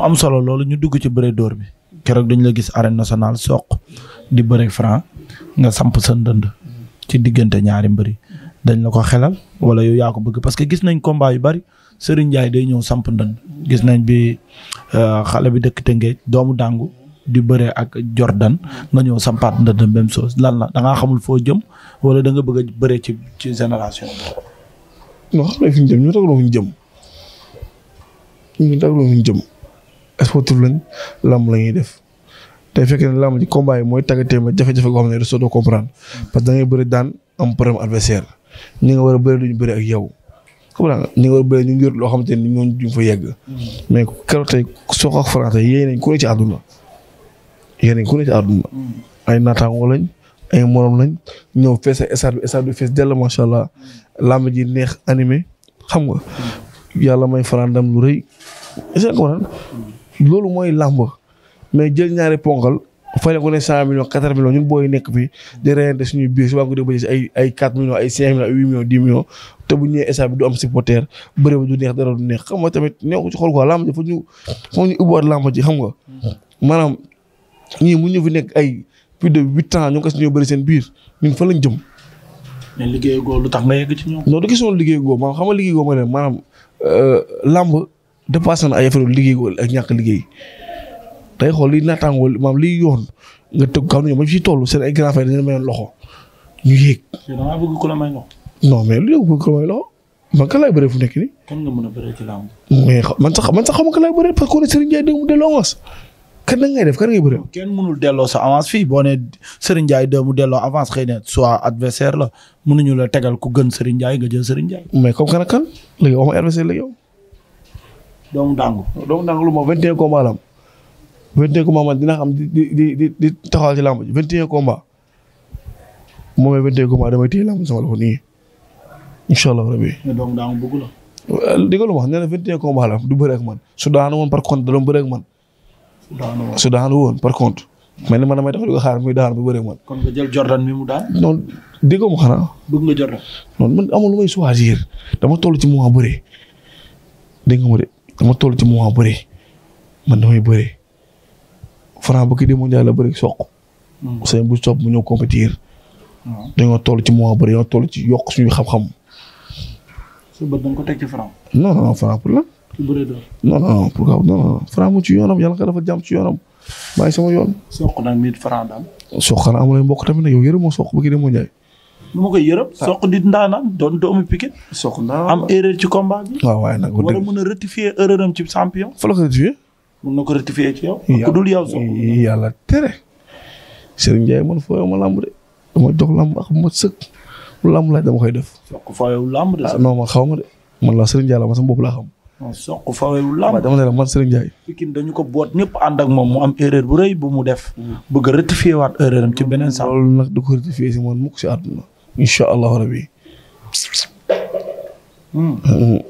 mu am solo loolu ñu dugg ci bëre door bi keroog dañu la gis arène nationale soq di bëre franc nga samp sa ndënd ci diggante ñaari mbëri dañ la ko xelal wala yow yaa ko bëgg parce que gis nañ combat yu bari Serigne Ndiaye day ñëw samp ndënd gis nañ bi euh, xale bi dëkk Tëngéej doomu dàngu di bëre ak Jordan nga ñëw sampaat ndënd même chose lan na da ngaa xamul foo jëm wala da nga bëgg a ci ci génération bi. ñu jëm ñu jëm. sportif lañ làmb la ñuy def te fekk ne làmb ji mooy tàggatee ma jafe-jafe soo doo comprendre parce que da ngay bëri daan am problème adversaire ñi war a bëri duñu bëri ak yow comprendre ñi war a bëri ñu ngi yor loo xamante ni ñoom duñ fa yegg mais keroog tey soo ko Franc tey ci àdduna yéen nañ ku ne ci àdduna ay naataango lañ ay morom lañ ñëw fees ak stade bi stade bi fees dell macha lamb ji neex animé xam nga yàlla may Franc ndam lu rëy loolu mooy làmb mais jël ñaari ponkal fay la ko ne cent millions quatre millions ñun booy nekk fi di reyante suñuy biir su ko dee ba si ay ay quatre millions ay cinq millions ay huit millions dix millions te bu ñëwee état xam nga tamit neexu ci xol quoi làmb ji fa ñu fa xam nga maanaam ñii mu ñu fi nekk ay plus de huit ans ñu ngi ko si ñëw bëri seen biir ñun fa lañ jëm. mais liggéey googu lu tax nga yegg ci ñoom. non du xam nga liggéey googu mooy leen euh, làmb. dépassé na ay affaire liggéey ak ñàkk liggéey tey xool li naataangoo maam liy yoon nga tëgg kaw ñoom ba ci toll seen ay grand frère dañu mayoon loxo ñu yéeg. dama bëgg ku la may loxo. non mais lu yow bëgg ku la may loxo man kan laay bëree fu nekk nii. kan nga a bëree man sax man sax ma kan laay bëree parce que ku ne Serigne Ndiaye dégg mu avance. kan nag ngay def kan ngay kenn mënul delloo sa avance fii boo nee Serigne Ndiaye dégg mu delloo avance xëy na soit adversaire la ñu la tegal ku gën Serigne Ndiaye nga jël Serigne Ndiaye. mais comme kan ak kan léegi waxuma adversaire la yow doomu dàngu. doomu dàngu lu ma 21 combat la am 21 combat man dina xam di di di di taxawal ci làmb ji 21 combat moom di 21 la. dégg lu ma nee man su daanu woon par contre da doon man. su daanu woon su daanu par contre. ni man damay taxaw di ko xaar muy daan bu bëre ak man. kon nga jël Jordan mi mu daan. non déggoo mu xanaa. bëgg nga dama toll ci moment bëre dégg nga de. dama toll ci moment bëri man damay bëri Franc ba kii di mondial la bëri soq. Hmm. seen bu sopp mu ñëw compétir. Hmm. dañoo toll ci moment bëri dañoo toll ci yokk suñu xam-xam. su bët da nga ko teg ci Franc. non non pour la. non non pourquoi non non ci yoonam yàlla nga dafa jàmm ci yoonam maa sama yoon. soq nag nit soq xanaa amul ay mbokk tamit nag yow yërëmoo soq ba kii di mondial nu ma koy yërëm. Ah. soq di ndaanaan doon doomu Pikine. soq ndaanaan am erreur ci combat bi. waaw ah, waaye nag wala mën a rectifier erreur am ci champion. fa na ko rectifier ci yow. yàlla tere. Serigne Ndiaye man ma lamb de dama ma sëkk lu lamb laaj koy def. soq fooyoo lamb de. ah non xaw ma de man la Serigne Ndiaye la man sama bopp laa xam. soq fawewu lamb dama la man Serigne Ndiaye dañu ko boot ñëpp ànd ak moom mu am erreur bu rëy bu mu def mm. bëgg a rectifier waat erreur am ci beneen sax loolu mukk si àdduna incha allahu rabi. Hmm. Hmm.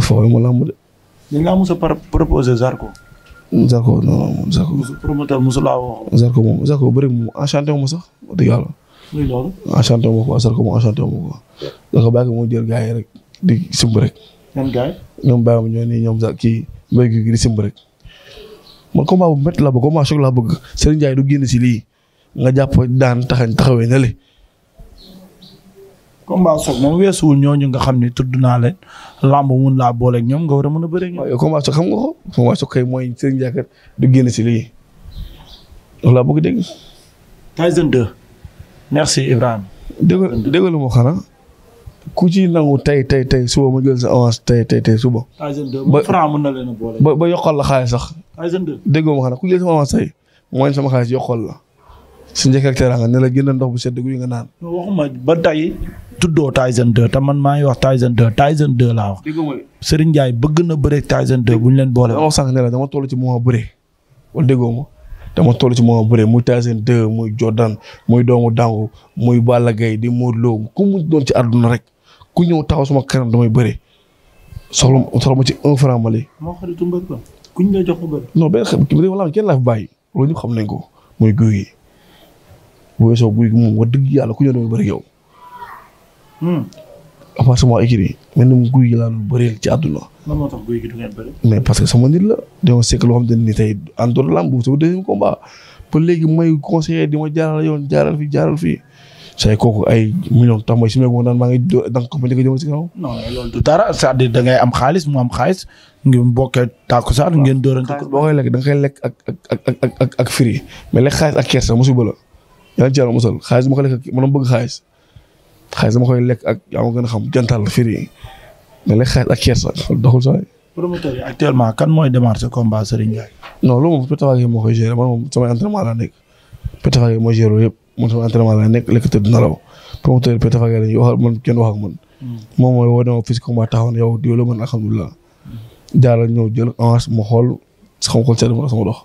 foofu mu làmb de. ñu Zarko. Zarko non non Zarko. musu promoteur mu sax wax dëgg yàlla. ko Zarko mu enchanté wu ma ko. Zarko mu jël gars rek di simb rek. yan gars yi. ñoom bàyyi ma ñoo nii ñoom bu métti laa du génn si lii nga jàpp daan taxañ taxawee combat soog moom weesuwul ñooñu nga xam ne tudd naa leen làmb mun laa booleeg ñoom nga war a mën a bëre ñoom. waaw yow combat soog xam nga ko combat soog kay mooy Serigne Ndiakar du génn si lii loolu laa bëgg dégg. Tyson 2. merci Ibrahima. dégg dégg lu ma xanaa ku ci nangu tey tey tey suba ma jël sa avance tey tey tey suba. Tyson 2 ba Franc mën na leen a boole. ba ba yokkal la xaalis sax. Tyson 2 dégg ma xanaa ku jël sama avance tey mooy sama xaalis yokkal la. si njëkk ak teraanga ne la génn ndox bu sedd guy nga naan. waxuma ba tey tuddoo Tyson 2 te man maa ngi wax Tyson 2 Tyson 2 laa wax. Serigne Ndiaye bëgg na bëre Tyson 2 bu ñu leen boole. dama sànq ne dama toll ci moment bëre wala déggoo ma dama toll ci moment bëre muy Tyson 2 muy Jordan muy doomu Dangu muy Balla Gaye di Modou Lo ku mu doon ci àdduna rek ku ñëw taxaw sama kanam damay bëre soxla ma soxla ma ci un franc mali. moo xaritu mbër ko ku ñu lay jox ko bëri. non xam wala nañ ko muy guy yi bu weesoo guy gi moom wax yàlla ku ñëw Hmm. ama sama écrit mel ni guy gi mais parce que sama nit la dañoo sekk loo di ma jaaral yoon jaaral fii jaaral fii say kooku ay million tax mooy si ma naan maa da ngay am xaalis mu am xaalis ngeen bokkee tàkkusaan ngeen dóorante. xaalis boo koy lekk da nga koy lekk ak ak ak ak ak firi mais lekk xaalis ak kersa musiba la yàlla ci musal xaalis bu ko lekk man bëgg xaalis xaalis dama koy lekk ak yaa a xam jantal firi mais lekk xaalis ak kersa doxul saa yi. yi actuellement kan mooy démarrer combat Serigne Ndiaye. non loolu moom Peta Faye moo koy gérer man samay entraînement laa nekk yëpp man samay entraînement laa nekk lekk tëdd nalaw promoteur Peta Faye la ñuy waxal man wax ak man. Hmm. moom mooy woo ne ma fii si combat taxaw na yow diwla man alhamdulilah. daal ñëw jël avance xool sama xol sedd ma sama dox.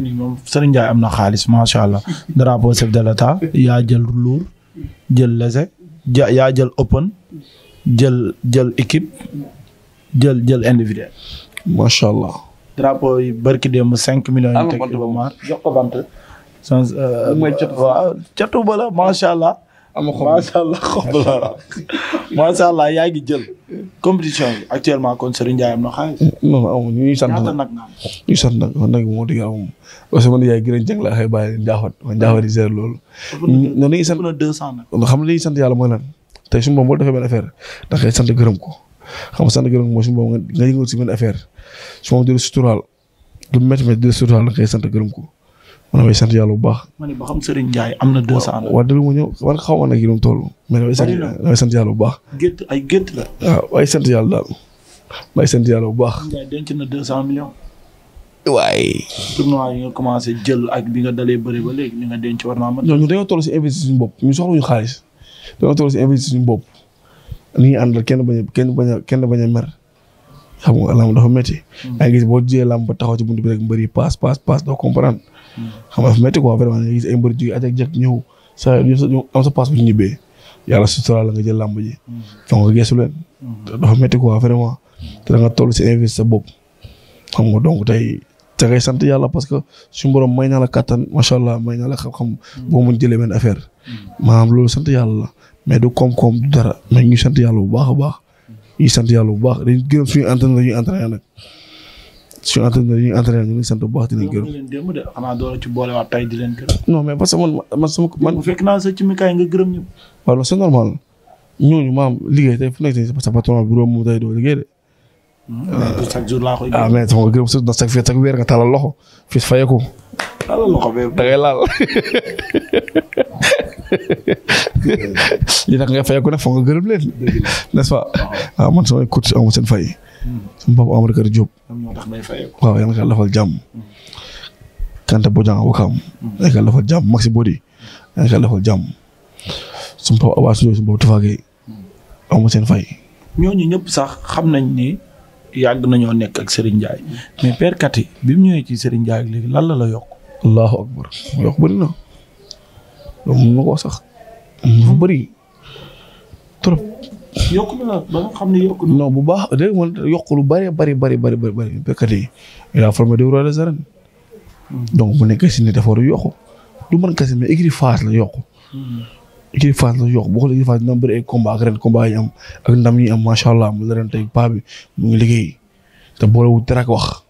moom Serigne Ndiaye am na xaalis macha allah drapeau chef de l'état ya jël lour jël léger ja yaa jël open jël jël équipe jël jël individuel. macha allah. drapeau barki démb cinq millions. yi teg Iba Mar jox ko sans. Euh, mooy catu ba allah. ama xob macha allah xob allah yaa ngi jël. compétition bi actuellement kon Serigne Ndiaye am na xaalis. non amu ñu nag ñu ngi sant nag wax moo dëgg amum. parce que man yaay gërëm la xëy bàyyi njaaxoot man njaaxoot di seer loolu. non dañuy sant deux nag. xam nga dañuy sant yàlla mooy lan tey suñu moom boo defee benn affaire da sant gërëm ko xam nga sant gërëm mooy suñu moom nga yëngu si benn affaire su moom di la suturaal du métti métti di la suturaal da ngay sant gërëm ko ma ne may sant yàlla bu baax. ma ne ba xam Serigne Ndiaye am na deux cent la. waaw mu ñëw war xaw ma nag yi doon toll. ma ne may sant yàlla bu baax. gétt ay gétt la. Ah, waaw ay sant yàlla daal. may sant yàlla bu baax. Ndiaye denc na deux cent millions. waaye. tournoi yi nga commencé jël ak bi nga dalee bëri ba léegi li nga denc war naa mën. ñooñu dañoo toll si investir suñu bopp ñu soxla ñu xaalis dañoo toll si investir suñu bopp. li ñuy àndal kenn bañ a kenn bañ a kenn bañ a mer. xam nga lamb dafa métti. Hmm. ay gis boo jiyee lamb ba taxaw ci buntu bi rek mbëri paas paas paas doo comprendre. Hmm. xam nga dafa métti quoi am sa paas bu ñibbee yàlla la nga jël lamb ji. donc hmm. nga gëstu leen. dafa métti quoi vraiment. te si investi sa bopp. xam nga donc tey te ngay sant yàlla parce que suñu borom may na la kattan macha allah may na la xam-xam. boo mun jëlee benn affaire. maanaam loolu sant yàlla la mais du koom-koom du dara mais ñu sant yàlla bu baax a baax. ñuy sant yàlla bu baax dañuy gërëm suñu entraîneur dañuy entraîné nag suñu entraîneur dañuy entraîné ñu ngi sant bu baax di leen gërëm. xanaa doo ci boole waat tey di leen gërëm. non mais parce que sa ci mikaay nga gërëm maam liggéey tey fu nekk tey sa patron bi bureau mu tey doo liggéey de. Hmm, chaque jour laa koy gërëm ah mais sama gërëm sa sax fii chaque weer nga tàllal loxo fii fayeku. tàllal li nag nga fayeeku nag foog nga gërëm leen n'est-ce pas waaw ah, man samay coach amu seen fay hmm. sama papa Amadou Diop waaw lafal jàmm hmm. Kante Bojang Wakam hmm. yàlla lafal jàmm Maxi Bodi yàlla lafal jàmm sama papa Abass Ndoye sama papa Tafa Gueye amu seen fay ñooñu ñëpp sax xam nañ ni yàgg nañoo nekk ak Serigne Ndiaye mais Père Kati bi mu ñëwee ci Serigne Ndiaye léegi la la yokk allahu akbar loolu mun na koo sax. dafa mhm. bëri trop. yokku na ba nga xam ne yokku na. non bu baax dégg man yokku lu bari bari bari bari bari béykat yi il a formé des rois des arènes. Mhm. donc bu nekkee si ne dafa war a yokku du man kese mais écurie Fass la yokku. Mhm. écurie Fass la yokku boo xoolee écurie Fass dina bëri ay combat ak ren combat yi am ak ndam yi am macha allah mu la ren tey paa bi mu ngi liggéey te boolewul dara ak wax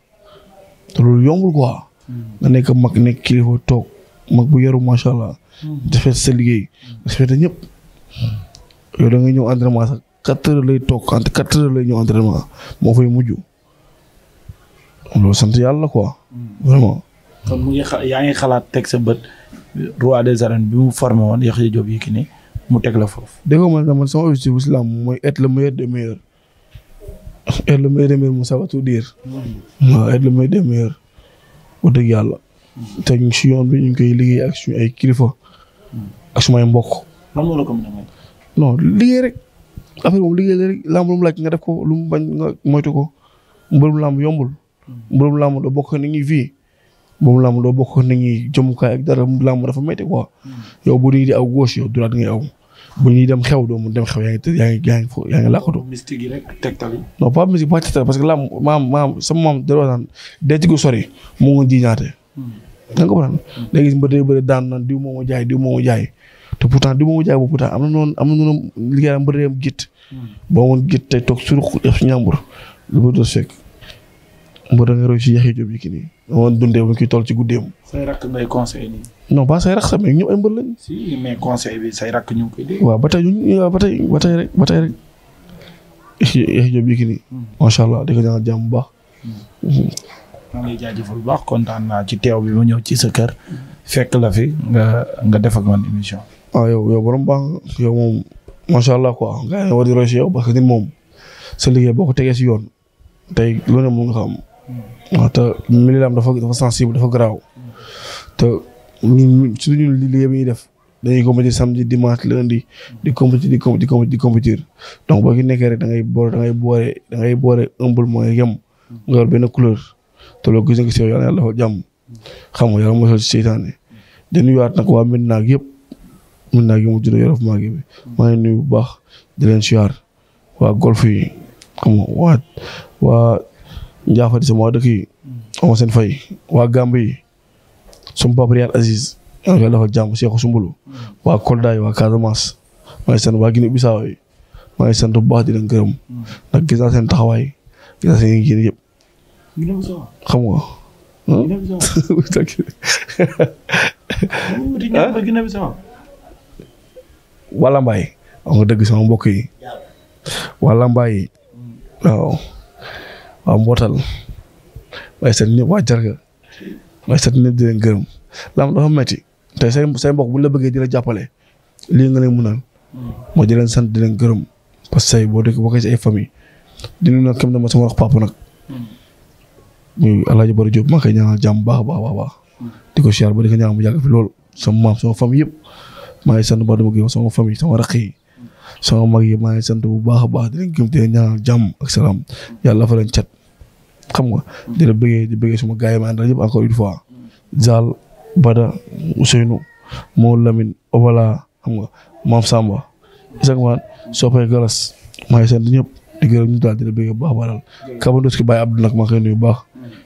te loolu yombul quoi. nga nekk mag nekk kilifa toog. mag bu yaru macha allah. Hmm. defee sa liggéey. respecté hmm. ñëpp. Hmm. yow da ñëw entraînement sax quatre lay toog entre quatre lay ñëw entraînement moo fay mujj. loolu sant yàlla ko vraiment. kon mu ngi yaa ngi xalaat teg sa bët roi des arènes bi mu formé woon Yaxya Diop Yékini mu teg la foofu. dégg nga man man sama objectif bu si laam mooy être le meilleur des meilleurs. être mu ça veut tout dire. waaw être le meilleur des meilleurs. wax dëgg yàlla. te ñu si bi ñu ngi koy liggéey ak suñu ay kilifa. ak sumay mbokk. lan moo la ko mën rek affaire moom nga def ko lu mu bañ nga moytu ko yombul. mbërum lamb doo bokk ni ñuy vie mbërum lamb doo bokk ni ñuy jëmukaay ak dara lamb dafa métti quoi. yow bu ñuy di aw gauche yow droite ngay aw bu ñuy dem xew doo mu dem xew yaa ngi yaa ngi yaa ngi parce que lamb maam sama maam daloo naan denc gu sori mu ngi jiñaate da nga comprendre da ngay gis mbër yu daan naan diw moomu jaay diw moomu jaay te pourtant diw moomu jaay boobu pourtant am am na noonu liggéeyam mbër yi am git. boo moon git tey toog sur def si ñàmbur lu bëri doo fekk mbër ci guddeem. say rakk ngay conseil nii. non pas say rakk sax mais ñoom ay mbër lañ. si ba tey ba tey rek ba tey rek. yax yi jóob nii. Hmm. macha allah di ko ñaanal jàmm bu baax. Hmm. Hmm. maa jaajëfal bu baax kontaan naa ci teew bi ma ñëw ci sa kër. fekk la fi nga nga def ak man émission. waaw ah, yow yow borom baax yow moom macha allah quoi nga war di roy que moom sa liggéey boo ko tegee si yoon tey lu ne mun nga xam. Hmm. waaw te milieu am dafa dafa sensible dafa garaaw. te ñun suñu liggéey bi ñuy def dañuy compétir samedi dimanche lundi di compétir di compétir di compétir donc boo ki nekkee rek da ngay boore da ngay boore da ngay boore humblement yem. nga yor benn couleur. te loolu gis nga si yow yàlla yàlla defal jàmm xam nga yàlla mosal si seytaane di nuyuwaat nag waa Medina gi yëpp Medina gi mu juddoo Yorof maa ngi maa ngi nuyu bu baax di leen siyaar waa golf yi xam nga waa waa Njaafati sama dëkk yi wa seen fay waa Gàmbi yi sum papa Aziz yàlla yàlla defal jàmm Seexu Sumbulu waa Kolda yi waa Casamance maa yi maa ngi sant bu baax di leen gërëm ndax gis naa seen taxawaay gis naa xam nga. waa Lambaay wax nga dëgg sama mbokk yi waa Lambaay waaw waa mbootal waaye seen ñëpp waa jarga waaye seen ñëpp di leen gërëm lam dafa metti tey say say mbokk bu la bëggee dina jàppale lii nga leen mënal moo di leen sant di leen gërëm parce que say boo dëkk bokkee ay famille di nuyu dama sama wax papa nag muy El Hadj Bara Diop maa ngi koy ñaanal jàmm baax a baax a baax di ko siyaar ba di ko ñaanal mu yàgg fi lool sama maam sama famille yëpp maa ngi sant ba dama gëm sama famille sama rakk yi sama mag yi maa ngi sant bu baax a baax di leen gëm di leen ñaanal jàmm ak salaam cat xam nga. di la di bëggee suma gars yi ma àndal yëpp encore une fois. Zal Bada Ousseynou Mo Lamine Obala xam nga maam Samba. exactement soppay galas ma ngi sant ñëpp di gërëm ñu daal di la bëggee bu baax a baax daal. Kabandos ki Baye Abdou nag maa nuyu bu baax.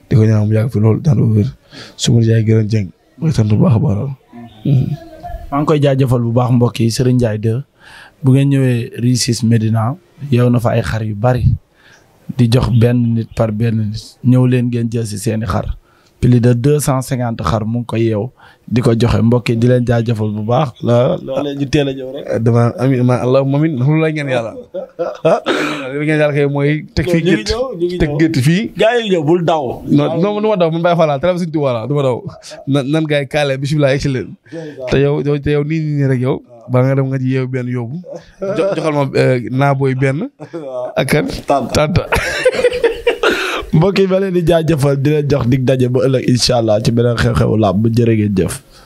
di ko ñaan mu yàgg fi loolu daan wér suma yaay gërëm jëng mooy sant bu baax a mm-hmm. maa ngi koy jaajëfal bu baax mbokk yi Serigne Ndiaye 2 bu ngeen ñëwee Ricis Medina yow na fa ay xar yu bari di jox benn nit par benn nit ñëw leen ngeen jël si seeni xar plus de cent cinquante xar mu ngi koy yeew di ko joxe mbokk yi di leen jaajëfal bu baax. la la a ñëw rek. dama amiin ma allahumma amiin loolu la ngeen yàlla. Ah. li mooy. fii gétt teg daw. non non du ma daw man bàyyi yow dem nga ci yeew benn yóbbu. jo joxal ma eh, naa benn. Ah. ak tanta mbokk yi ba leen di jaajëfal di leen jox dig daje ba ëllëg incha allah ci beneen xew-xewu làmb bu jërë ngeen jëf.